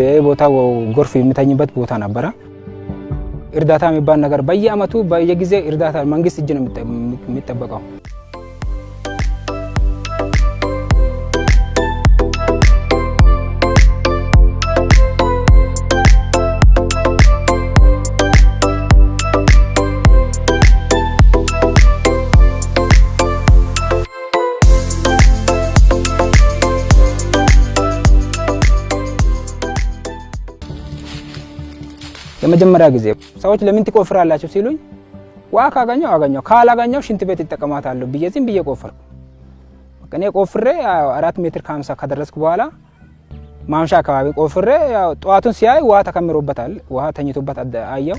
ይህ ቦታ ጎርፍ የሚታኝበት ቦታ ነበረ። እርዳታ የሚባል ነገር በየአመቱ በየጊዜ እርዳታ መንግስት እጅ ነው የሚጠበቀው። የመጀመሪያ ጊዜ ሰዎች ለምን ትቆፍራላችሁ ሲሉኝ ውሃ ካገኘው አገኘው ካላገኘው ሽንት ቤት ይጠቀማታለሁ ብዬ ዝም ብዬ ቆፈርኩ። እኔ ቆፍሬ አራት ሜትር ከሀምሳ ከደረስኩ በኋላ ማምሻ አካባቢ ቆፍሬ ጠዋቱን ሲያይ ውሃ ተከምሮበታል። ውሃ ተኝቶበት አየው።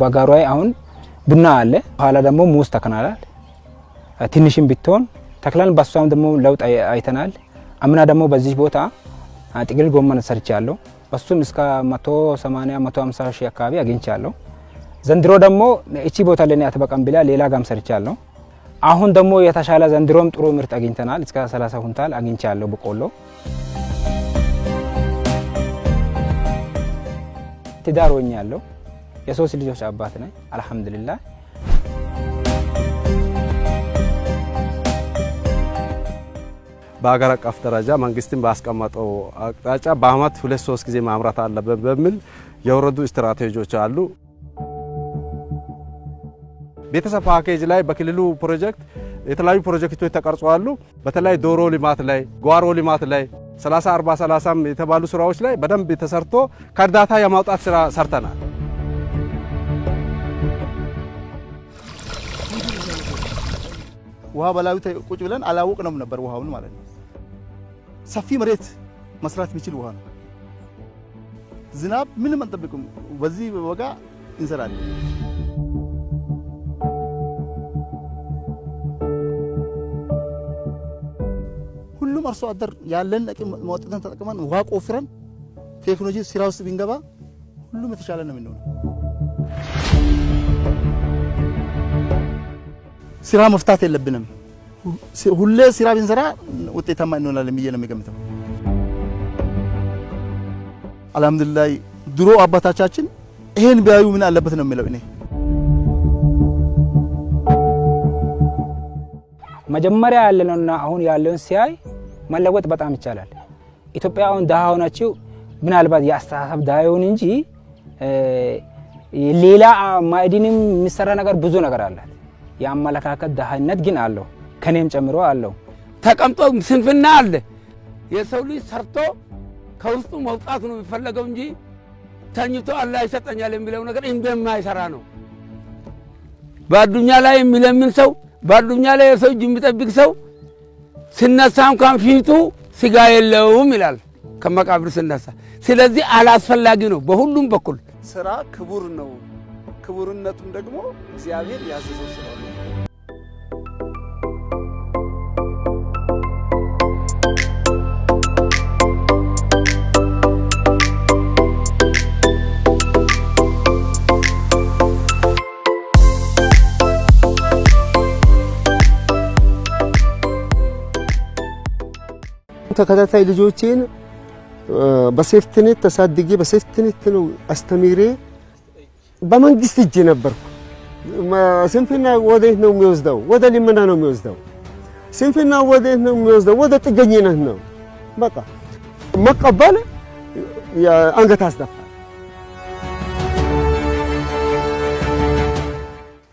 በጋሯይ አሁን ቡና አለ፣ በኋላ ደግሞ ሙዝ ተክናላል። ትንሽም ብትሆን ተክላን፣ በሷም ደግሞ ለውጥ አይተናል። አምና ደግሞ በዚህ ቦታ ጥቅል ጎመን ሰርቻለሁ። በሱም እስከ 180 150 ሺህ አካባቢ አግኝቻለሁ። ዘንድሮ ደግሞ እቺ ቦታ ለኔ አትበቃም ብላ ሌላ ጋም ሰርቻለሁ። አሁን ደግሞ የተሻለ ዘንድሮም ጥሩ ምርት አግኝተናል። እስከ 30 ኩንታል አግኝቻለሁ በቆሎ። ትዳር ሆኛለሁ። የሶስት ልጆች አባት ነኝ። አልሐምዱሊላህ በሀገር አቀፍ ደረጃ መንግስትን ባስቀመጠው አቅጣጫ በአመት ሁለት ሶስት ጊዜ ማምረት አለብን በሚል የወረዱ ስትራቴጂዎች አሉ። ቤተሰብ ፓኬጅ ላይ በክልሉ ፕሮጀክት የተለያዩ ፕሮጀክቶች ተቀርጸዋሉ። በተለይ ዶሮ ልማት ላይ፣ ጓሮ ልማት ላይ 30 40 30 የተባሉ ስራዎች ላይ በደንብ ተሰርቶ ከእርዳታ የማውጣት ስራ ሰርተናል። ውሃ በላዩ ቁጭ ብለን አላወቅነውም ነበር ውሃውን ማለት ነው። ሰፊ መሬት መስራት የሚችል ውሃ ነው። ዝናብ ምንም አንጠብቅም። በዚህ በጋ እንሰራለን። ሁሉም አርሶ አደር ያለን አቅም ማውጣትን ተጠቅመን ውሃ ቆፍረን ቴክኖሎጂ ስራ ውስጥ ቢንገባ ሁሉም የተሻለ ነው የምንሆነው። ስራ መፍታት የለብንም። ሁሌ ስራ ብንሰራ ውጤታማ እንሆናለን ብዬ ነው የሚገምተው። አልሐምዱሊላህ ድሮ አባታቻችን ይሄን ቢያዩ ምን አለበት ነው የሚለው። እኔ መጀመሪያ ያለነውና አሁን ያለውን ሲያይ መለወጥ በጣም ይቻላል። ኢትዮጵያ አሁን ድሃ ሆናችሁ ምናልባት የአስተሳሰብ ድሃ ይሁን እንጂ ሌላ ማዕድንም የሚሰራ ነገር ብዙ ነገር አላት። የአመለካከት ድህነት ግን አለው፣ ከኔም ጨምሮ አለው። ተቀምጦ ስንፍና አለ። የሰው ልጅ ሰርቶ ከውስጡ መውጣት ነው የሚፈለገው እንጂ ተኝቶ አላህ ይሰጠኛል የሚለው ነገር እንደማይሰራ ነው። በአዱኛ ላይ የሚለምን ሰው በአዱኛ ላይ የሰው እጅ የሚጠብቅ ሰው ስነሳ እንኳን ፊቱ ስጋ የለውም ይላል ከመቃብር ስነሳ። ስለዚህ አላስፈላጊ ነው በሁሉም በኩል ስራ ክቡር ነው። ክቡርነቱም ደግሞ እግዚአብሔር ያዘዘው ስለሆነ ተከታታይ ልጆቼን በሴፍትኔት ተሳድጌ በሴፍትኔት ነው አስተምሬ በመንግስት እጅ ነበርኩ። ስንፍና ወዴት ነው የሚወስደው? ወደ ልመና ነው የሚወስደው። ስንፍና ወዴት ነው የሚወስደው? ወደ ጥገኝነት ነው። በቃ መቀበል አንገት አስደፋ።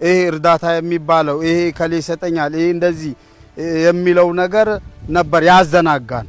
ይሄ እርዳታ የሚባለው ይሄ ከሌ ይሰጠኛል፣ ይሄ እንደዚህ የሚለው ነገር ነበር ያዘናጋን።